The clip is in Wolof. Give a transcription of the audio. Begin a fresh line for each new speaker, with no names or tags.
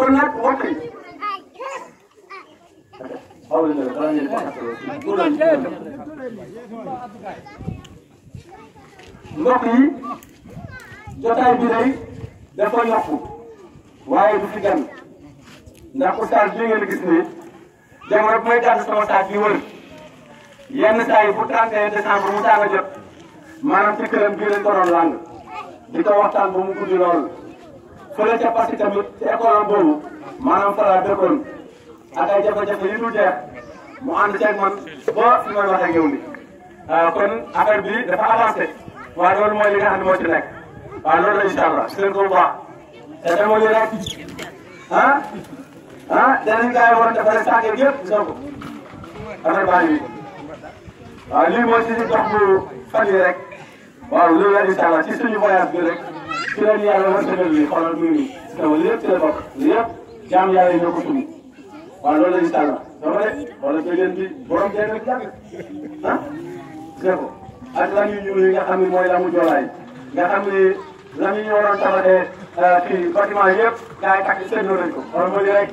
kulihat wakil mbokk jotaay bi day dafa yokku waaye du fi gan ndax oustaz bi ngeen gis ne jamono bu may tànn sama taat yi wër yenn saa bu 31 décembre mu tàng jot maanaam ci këram bii lañ doon làng di ko waxtaan mu guddi fële ca Passy tamit ci école boobu maanaam fa laa dëkkoon ak ay jafe-jafe yu dul jeex mu ànd ceeg man ba fi may wax ak yow nii. Ah, kon affaire bi dafa avancé wa loolu mooy li nga xam moo ci nekk waaw loolu la incha allah si leen ko bu baax te dama lii rek ah ah yeneen wa yi waroon defaree saako yëpp yëpp gis nga ko affaire baa ngi waaw lii mooy si li dox bu fan yi rek waaw loolu la incha allah ci suñu voyage bi rek. ci leen yàlla rafetal li xoolal muy nii taw lépp seen bopp lépp jaam yàlla ñoo ko tudd waaw loolu la ñu tàll dafa de wala bëggeen bi borom jàng ak jàng ah c'est ko ak lan yu yi nga xam ne mooy lamu joolaay nga xam ne lan yu ñu waroon tabaxee euh, kii yëpp gars yi takk seen ko wala mooy li